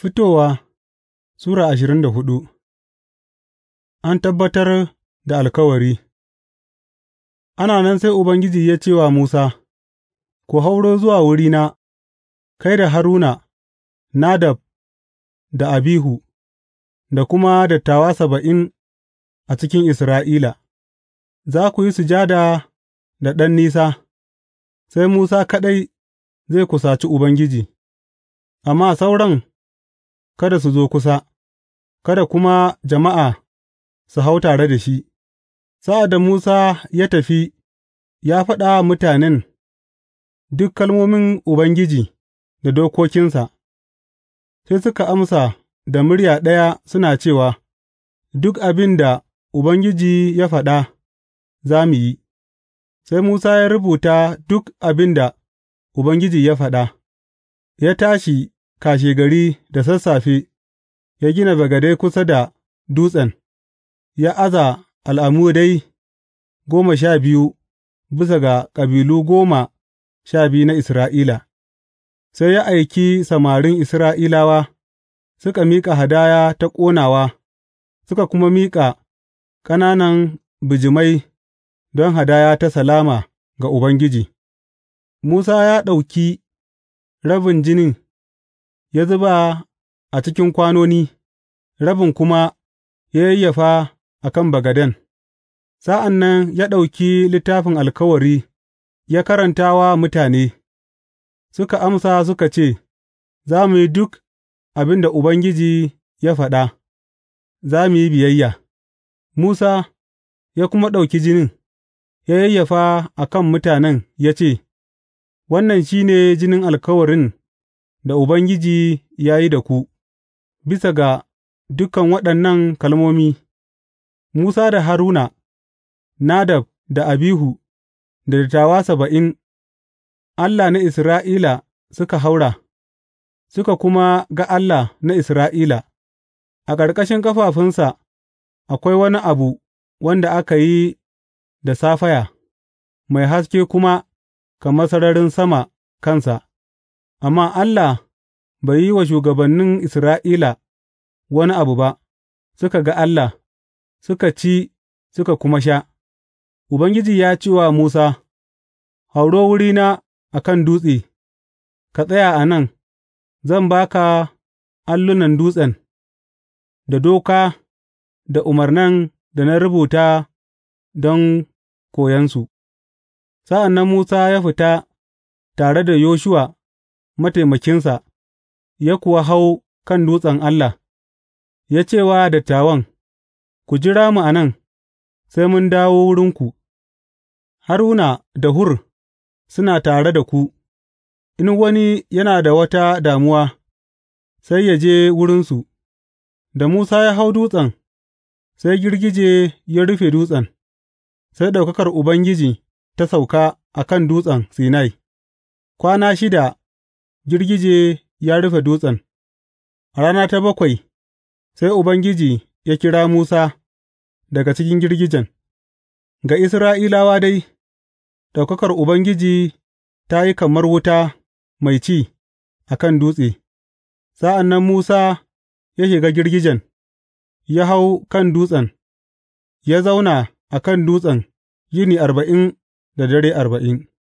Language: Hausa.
Fitowa Sura ashirin da hudu An tabbatar da alkawari Ana nan sai Ubangiji ya ce wa Musa, Ku hauro zuwa wurina, kai da Haruna, Nadab da Abihu, da kuma dattawa saba'in a cikin Isra'ila, za ku yi sujada da ɗan nisa, sai Musa kaɗai zai kusaci Ubangiji, amma sauran. kada su zo kusa, kada kuma jama'a su hau tare da shi, sa'ad da Musa ya tafi, ya faɗa wa mutanen duk kalmomin Ubangiji da dokokinsa, sai suka amsa da murya ɗaya suna cewa, Duk abin da Ubangiji ya faɗa, za mu yi, sai Musa ya rubuta duk abin da Ubangiji ya faɗa, ya tashi kashegari da sassafe, ya gina bagadai kusa da dutsen, ya aza al'amudai goma sha biyu bisa ga kabilu goma sha biyu na Isra'ila, sai ya aiki samarin Isra'ilawa suka miƙa hadaya ta ƙonawa, suka kuma miƙa ƙananan bijimai don hadaya ta salama ga Ubangiji, Musa ya ɗauki rabin jinin. ya zuba a cikin kwanoni, rabin kuma ya yayyafa a kan bagaden, sa'an nan ya ɗauki Littafin Alkawari ya karanta wa mutane, suka amsa suka ce, Za mu yi duk abin da Ubangiji ya faɗa, za mu yi biyayya. Musa ya kuma ɗauki jinin, ya yayyafa a kan mutanen ya ce, Wannan shi ne jinin alkawarin. da Ubangiji ya yi da ku, bisa ga dukan waɗannan kalmomi, Musa da Haruna, Nadab da Abihu, da dattawa saba'in, Allah na Isra'ila suka haura, suka kuma ga Allah na Isra'ila, a ƙarƙashin ƙafafunsa akwai wani abu wanda aka yi da safaya, mai haske kuma kamar sararin sama kansa, amma Allah bai yi wa shugabannin Isra'ila wani abu ba, suka ga Allah, suka ci suka kuma sha, Ubangiji ya ce wa Musa, Hauro wurina a kan dutse, ka tsaya a nan, zan ba ka allunan dutsen, da doka da umarnan da na rubuta don su. Sa'an nan Musa ya fita tare da Yoshuwa mataimakinsa. ya kuwa hau kan dutsen Allah, ya ce wa dattawan, Ku jira mu a nan, sai mun dawo wurinku, Haruna da Hur suna tare da ku, in wani yana da wata damuwa, sai ya je wurinsu, da Musa ya hau dutsen, sai girgije ya rufe dutsen, sai ɗaukakar Ubangiji ta sauka a kan dutsen Sinai, kwana shida girgije ya rufe dutsen, a rana ta bakwai sai Ubangiji ya kira Musa daga cikin girgijen, Ga Isra'ilawa dai, ɗaukakar Ubangiji ta yi kamar wuta mai ci a kan dutse, sa'an nan Musa ya shiga girgijen, ya hau kan dutsen, ya zauna a kan dutsen yini arba'in da dare arba'in.